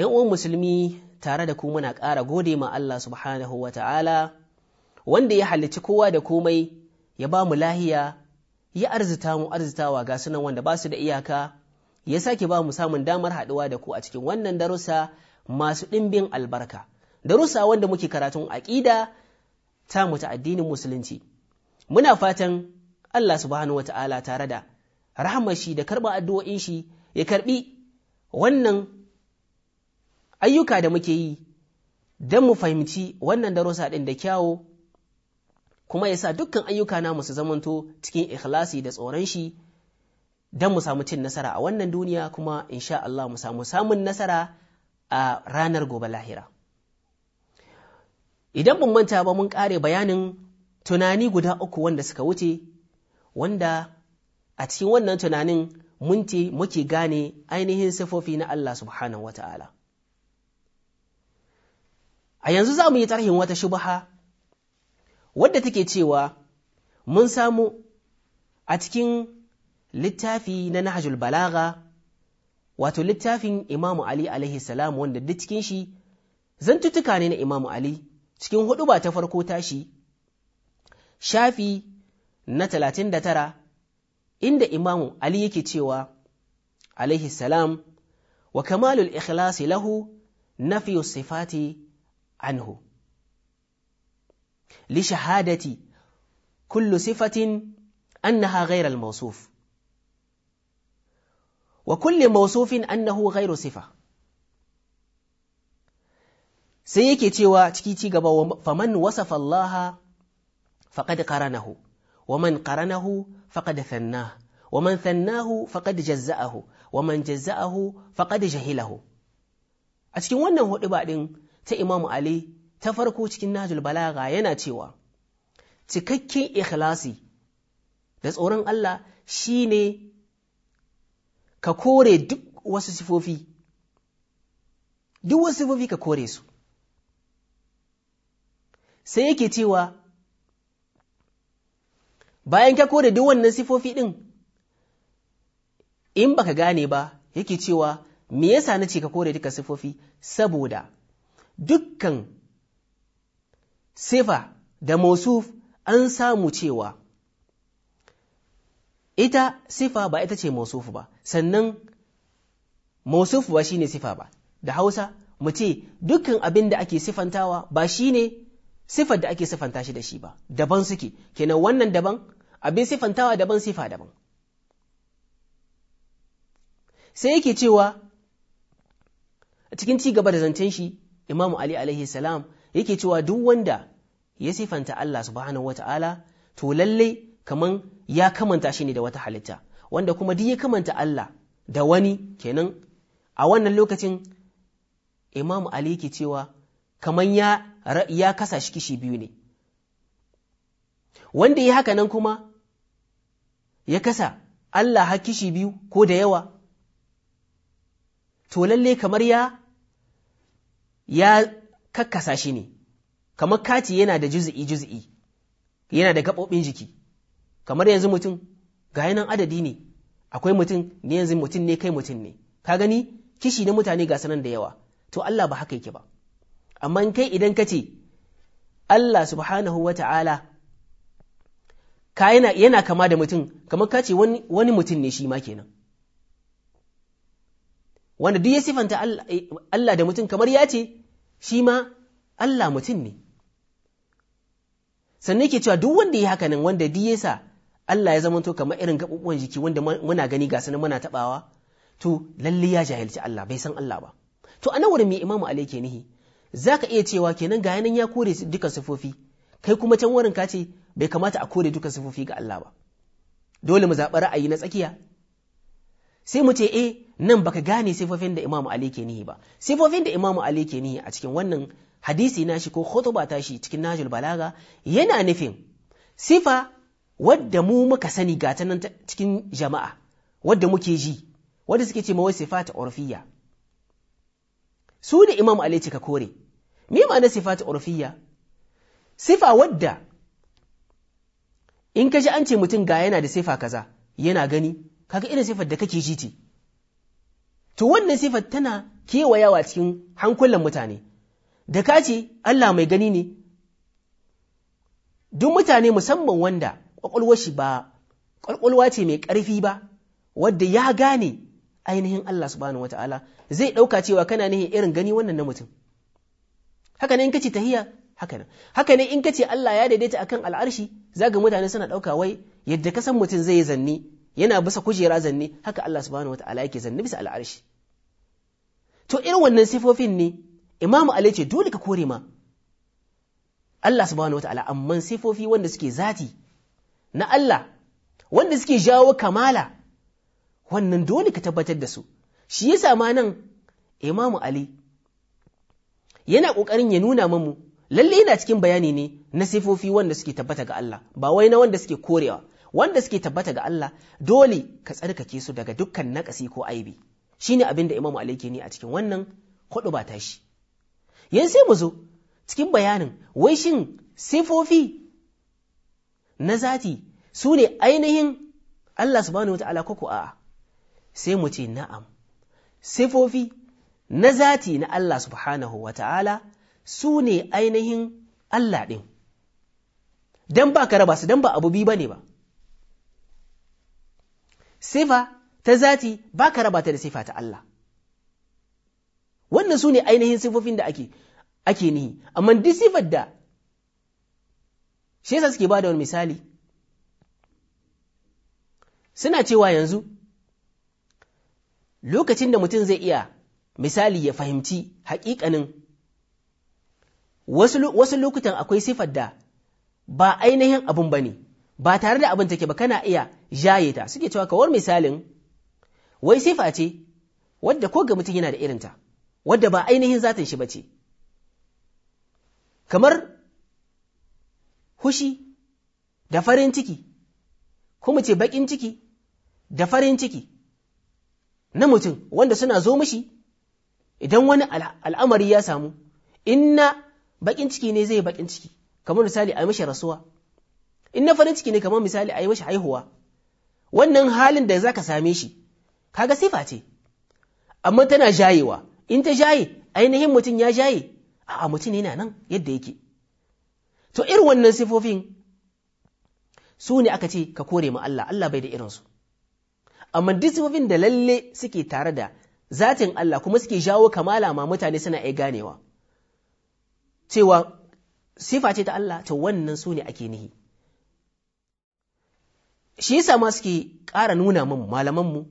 uwan musulmi tare da ku muna ƙara gode ma Allah subhanahu wa ta'ala, wanda ya halicci kowa da komai, ya ba mu lahiya, ya arzita mu arzitawa ga sunan wanda ba su da iyaka, ya sake ba mu samun damar haɗuwa da ku a cikin wannan darussa masu ɗimbin albarka. Darussa wanda muke karatun aƙida ta mu ta addinin musulunci. Muna fatan Allah subhanahu wa ta'ala tare da shi da karɓar addu'o'in shi ya karɓi wannan ayyuka da muke yi don mu fahimci wannan darussa ɗin da kyawo kuma ya sa dukkan ayyuka na musu zamanto cikin ikhlasi da tsoron shi don mu samu cin nasara a wannan duniya kuma in sha Allah mu samu samun nasara a ranar gobe lahira idan mun manta ba mun ƙare bayanin tunani guda uku wanda suka wuce wanda a cikin wannan tunanin munce muke gane ainihin sifofi na Allah subhanahu wata'ala A yanzu za mu yi tarhin wata shubaha wadda take cewa mun samu a cikin littafi na Nahajul Balaga wato littafin Imamu Ali alaihi salam wanda duk cikin shi zantuttuka ne na Imamu Ali cikin hudu ba ta farko tashi shafi na talatin da tara inda Imamu Ali yake cewa alaihi salam wa kamalul ikhlasi lahu nafiyu sifati عنه لشهادة كل صفة أنها غير الموصوف وكل موصوف أنه غير صفة سيكي تيوى تكيتي قبا فمن وصف الله فقد قرنه ومن قرنه فقد ثناه ومن ثناه فقد جزأه ومن جزأه فقد جهله أتكي وانا هو إبادين ta Imam Ali ta farko cikin Nahjul Balaga yana cewa cikakken ikhlasi da tsoron Allah shi ne ka kore duk wasu sifofi duk wasu sifofi ka kore su sai yake cewa bayan ka kore duk wannan sifofi ɗin in baka gane ba yake cewa me yasa na ce ka kore duka sifofi saboda dukkan sifa da mausuf an samu cewa ita sifa ba ita ce mausuf ba sannan mausuf ba shine sifa ba da hausa mu ce dukkan abin da ake sifantawa ba shine sifar da ake sifanta shi da shi ba daban suke kenan wannan daban abin sifantawa daban sifa daban sai yake cewa a cikin ci gaba da zancen shi Imam ali alaihi salam yake cewa duk wanda ya sifanta Allah subhanahu wata'ala to lalle kaman ya kamanta shi ne da wata halitta wanda kuma duk ya kamanta Allah da wani kenan a wannan lokacin Imam ali yake cewa kaman ya ya kasa shi kishi biyu ne wanda ya haka nan kuma ya kasa Allah har kishi biyu ko da yawa to lalle kamar ya ya kakkasa shi ne kamar kati yana da juzi'i juzi'i yana da gaɓoɓin jiki kamar yanzu mutum ga nan adadi ne akwai mutum ne yanzu mutum ne kai mutum ne ka gani kishi na mutane ga sanan da yawa to Allah ba haka yake ba amma in kai idan ka ce Allah subhanahu wa ta'ala ka yana, kama da mutum kamar ka ce wani, mutum ne shi ma kenan wanda duk ya sifanta Allah, eh, Allah da mutum kamar ya ce shi ma Allah mutum ne sannan ke cewa duk wanda ya haka nan wanda di sa Allah ya zamanto kamar irin gaɓuɓɓuwan jiki wanda muna gani ga sanin muna taɓawa to lalle ya jahilci Allah bai san Allah ba to a wurin mai imamu alai ke nihi ka iya cewa kenan ga yanan ya kore duka sufofi? kai kuma can wurin ka ce bai kamata a kore duka sufofi ga Allah ba dole mu zaɓi ra'ayi na tsakiya sai mu ce eh nan baka gane sifofin da Imam Ali ke nihi ba sifofin da Imam Ali ke nihi a cikin wannan hadisi na nashi ko khutba shi cikin Najul Balaga yana nufin sifa wadda mu muka sani gata nan cikin jama'a wadda muke ji wadda suke ce mawai ta orfiya su da Imam Ali cika kore me ma'ana ta orfiya sifa wadda in ka ji an ce mutum ga yana da sifa kaza yana gani kaga irin sifar da kake ji ce to wannan sifar tana kewayawa cikin hankulan mutane da ka ce Allah mai gani ne duk mutane musamman wanda ƙwaƙwalwar shi ba ƙwaƙwalwa ce mai ƙarfi ba wadda ya gane ainihin Allah subhanahu wata'ala zai ɗauka cewa kana ne irin gani wannan na mutum haka ne in kace tahiya haka ne haka ne in kace Allah ya daidaita akan al'arshi zaga mutane suna ɗauka wai yadda ka san mutum zai zanni yana bisa kujera zanne haka Allah subhanahu wata'ala yake zanne bisa al'arshi to irin wannan sifofin ne imamu Ali ce dole ka kore ma Allah subhanahu wata'ala amman sifofi wanda suke zati na Allah wanda suke jawo kamala wannan dole ka tabbatar da su shi yasa ma nan imamu Ali yana ƙoƙarin ya nuna mamu lalle yana cikin bayani ne na sifofi wanda suke tabbata ga Allah ba wai na wanda suke korewa wanda suke tabbata ga Allah dole ka tsarkake su daga dukkan nakasi ko aibi shine abin da Imam Ali ke ni a cikin wannan hudu ba tashi yan sai mu zo cikin bayanin wai shin sifofi na zati su ne ainihin Allah subhanahu wata'ala ko ko a'a sai mu ce na'am sifofi na zati na Allah subhanahu wata'ala su ne ainihin Allah ɗin don ba ka raba su don ba abu bi ba ne ba sifa ta zati ba ka rabata da sifa ta Allah wannan su ne ainihin sifofin da ake ake nihi amma duk sifar da shi yasa suke ba da wani misali suna cewa yanzu lokacin da mutum zai iya misali ya fahimci haƙiƙanin wasu lokutan akwai sifar da ba ainihin abun ba ne ba tare da abin take ba kana iya jaye ta suke cewa kawar misalin wai sifa ce wadda ko ga mutum yana da irinta wadda ba ainihin zatin shi ce kamar hushi da farin ciki kuma ce bakin ciki da farin ciki na mutum wanda suna zo mishi idan wani al'amari ya samu inna baƙin ciki ne zai bakin ciki kamar misali a mishi rasuwa in na farin ciki ne kamar misali a yi mashi haihuwa wannan halin da za ka same shi kaga sifa ce amma tana jayewa in ta jaye ainihin mutum ya jaye a mutum yana nan yadda yake to irin wannan sifofin su ne aka ce ka kore mu Allah Allah bai da irinsu amma duk sifofin da lalle suke tare da zatin Allah kuma suke jawo kamala ma mutane suna iya ganewa cewa sifa ce ta Allah to wannan su ne ake nihi shi yasa ma suke ƙara nuna mu malamanmu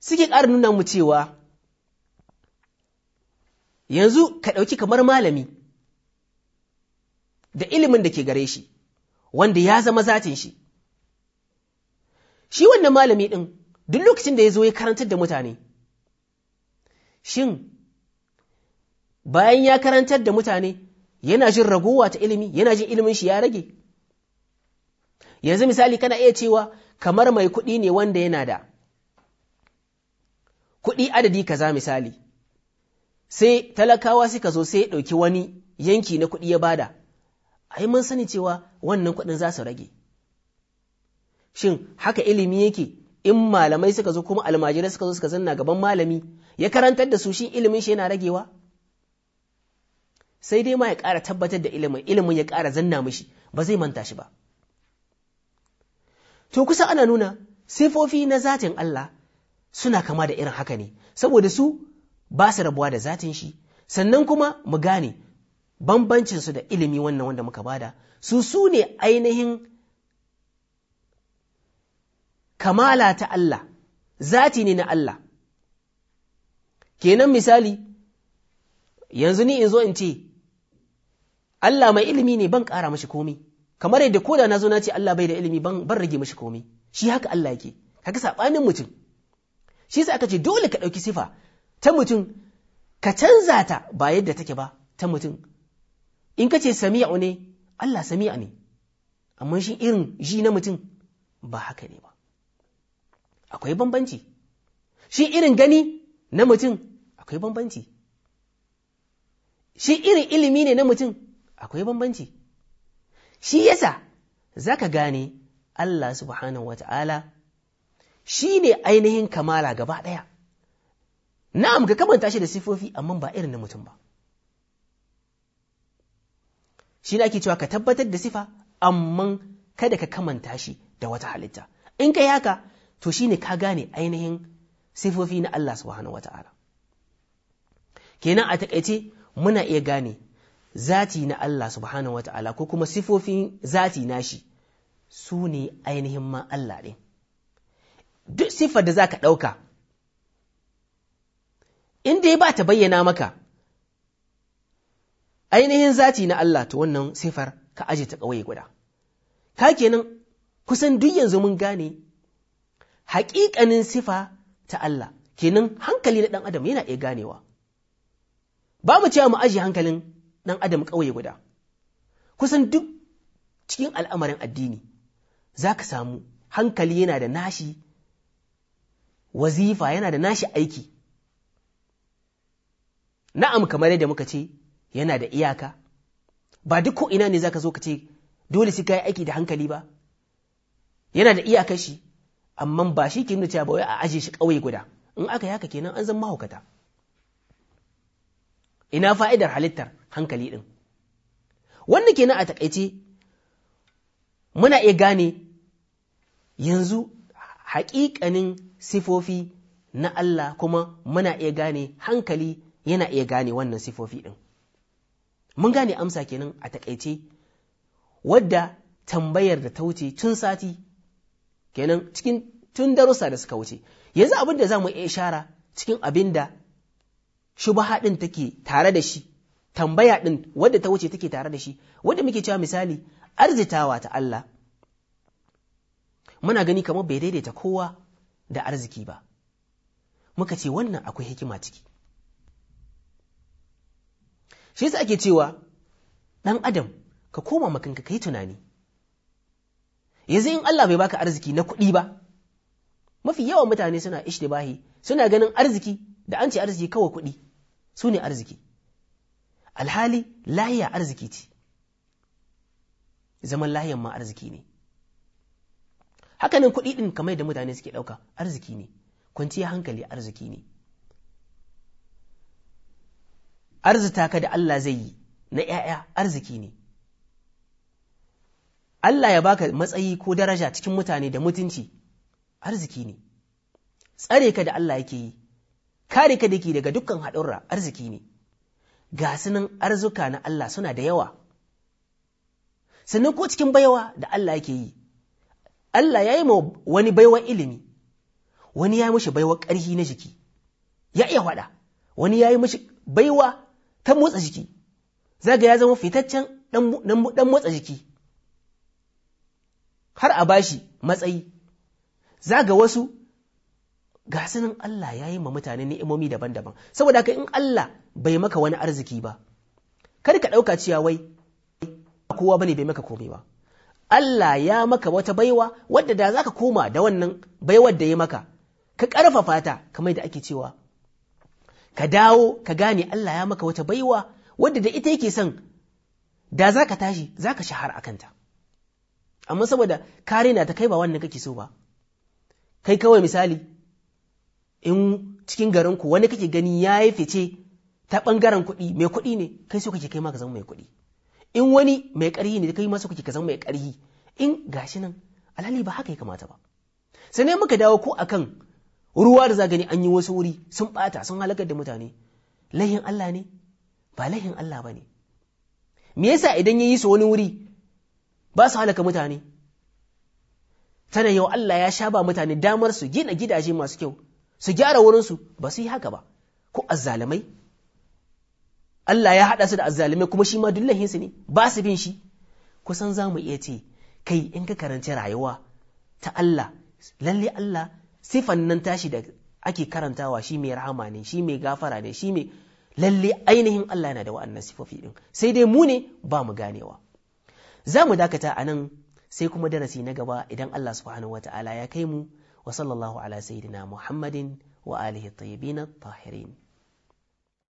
suke ƙara nuna mu cewa yanzu ka ɗauki kamar malami da ilimin da ke gare shi wanda ya zama zatin shi shi wannan malami ɗin duk lokacin da ya zo ya karantar da mutane shin bayan ya karantar da mutane yana jin ragowa ta ilimi yana jin ilimin shi ya rage yanzu misali kana iya cewa kamar mai kuɗi ne wanda yana da kuɗi adadi kaza misali sai talakawa suka zo sai ya ɗauki wani yanki na kuɗi ya bada ai mun sani cewa wannan kuɗin za su rage shin haka ilimi yake in malamai suka zo kuma almajirai suka zo suka zanna gaban malami ya karantar da su shi ilimin shi yana ragewa sai dai ma ya ƙara tabbatar da ilimin ilimin ya ƙara zanna mishi ba zai manta shi ba to kusa ana nuna sifofi na zatin Allah suna kama da irin haka ne saboda su ba su rabuwa da zatin shi sannan kuma mu gane bambancin su da ilimi wannan wanda muka bada su su ne ainihin kamala ta Allah zati ne na Allah kenan misali yanzu ni in zo in ce Allah mai ilimi ne ban ƙara mashi komai kamar yadda ko da na zo na ce Allah bai da ilimi ban ban rage mishi komai shi haka Allah yake kaga sabanin mutum shi yasa aka ce dole ka dauki sifa ta mutum ka canza ta ba yadda take ba ta mutum in ka ce sami'u ne Allah sami'a ne amma shi irin ji na mutum ba haka ne ba akwai bambanci shi irin gani na mutum akwai bambanci shi irin ilimi ne na mutum akwai bambanci shi yasa za ka gane Allah subhanahu wata'ala shi ne ainihin kamala gaba ɗaya na'am ka kamanta shi da sifofi amma ba irin na mutum ba shi ne ake cewa ka tabbatar da sifa amma kada ka kamanta shi da wata halitta in ka yi haka to shi ne ka gane ainihin sifofi na Allah subhanahu wata'ala kenan a takaice muna iya gane zati na Allah subhanahu wa ta'ala ko kuma sifofin zati nashi su ne ainihin ma Allah ne. Duk siffar da za ka ɗauka, inda ya ba ta bayyana maka ainihin zati na Allah ta wannan sifar ka aje ta ƙauye guda. Ka kenan kusan duk yanzu mun gane haƙiƙanin sifa ta Allah, kenan hankali na ɗan adam yana iya ganewa. babu cewa mu aje hankalin ɗan adam kawai guda kusan duk cikin al'amarin addini za ka samu hankali yana da nashi wazifa yana da nashi aiki na'am kamar yadda muka ce yana da iyaka ba duk ko ina ne za ka zo ka ce dole sai ka yi aiki da hankali ba yana da iyaka shi amma ba shi ke nuna cewa ba wai a aje shi kawai guda in aka yaka kenan an zan mahaukata ina fa'idar halittar hankali ɗin. Wannan kenan a takaice muna iya gane yanzu haƙiƙanin sifofi na Allah kuma muna iya gane hankali yana iya gane wannan sifofi ɗin. Mun gane amsa kenan a takaice wadda tambayar da ta wuce tun sati kenan cikin tun darussa da suka wuce yanzu abin da za mu iya ishara cikin abin da shubaha ɗin take tare da shi tambaya ɗin wadda ta wuce take tare da shi wadda muke cewa misali arzitawa ta Allah muna gani kamar bai daidaita kowa da arziki ba muka ce wannan akwai hikima ciki shi yasa ake cewa ɗan adam ka koma makanka kai tunani yanzu in Allah bai baka arziki na kuɗi ba mafi yawan mutane suna ishtibahi suna ganin arziki da an ce arziki kawai kuɗi su ne arziki alhali lahiya arziki ce zaman lahiyan ma arziki ne haka nan kuɗi ɗin kamar da mutane suke ɗauka arziki ne kwanciya hankali arziki ne arzita ka da Allah zai yi na ‘ya'ya arziki ne Allah ya baka matsayi ko daraja cikin mutane da mutunci arziki ne tsare ka da Allah yake yi kare ka da ke daga dukkan haɗurra arziki ne ga sunan arzuka na Allah suna da yawa sannan ko cikin baiwa da Allah yake yi Allah ya yi ma wani baiwa ilimi wani ya yi mashi baiwa ƙarfi na jiki ya iya faɗa wani ya yi mashi baiwa ta motsa jiki zaga ya zama fitaccen ɗan motsa jiki har a bashi matsayi zaga wasu ga Allah ya yi ma mutane ni'imomi daban-daban saboda haka in Allah bai maka wani arziki ba Kar ka ɗauka cewa wai kowa bane bai maka komai ba Allah ya maka wata baiwa wadda da zaka koma da wannan baiwar da ya maka ka ƙarfafa ta kamar da ake cewa ka dawo ka gane Allah ya maka wata baiwa wadda da ita yake son da ka tashi zaka shahara a kanta. amma saboda kare na ta kai ba wannan kake so ba kai kawai misali in cikin garinku wani kake gani ya yi fice ta ɓangaren kuɗi mai kuɗi ne kai so kake kai ma ka zama mai kuɗi in wani mai ƙarhi ne kai ma so kake ka zama mai ƙarhi in gashi nan alhali ba haka ya kamata ba sai ne muka dawo ko akan ruwa da zagani an yi wasu wuri sun ɓata sun halakar da mutane lahin Allah ne ba lahin Allah ba ne me yasa idan ya yi su wani wuri ba su halaka mutane tana yau Allah ya sha mutane damar su gina gidaje masu kyau su gyara wurinsu ba su yi haka ba ko azzalumai Allah ya haɗa su da azzalimai kuma shi ma dullahinsu ne ba su bin shi kusan za mu iya ce kai in ka karanci rayuwa ta Allah lalle Allah sifan nan tashi da ake karantawa shi mai rahama ne shi mai gafara ne shi mai lalle ainihin Allah yana da wa'annan sifofi din sai dai mu ne ba mu ganewa za mu dakata a nan sai kuma darasi na gaba idan Allah subhanahu wata'ala ya kai mu wa sallallahu ala sayyidina Muhammadin wa alihi tayyibin tahirin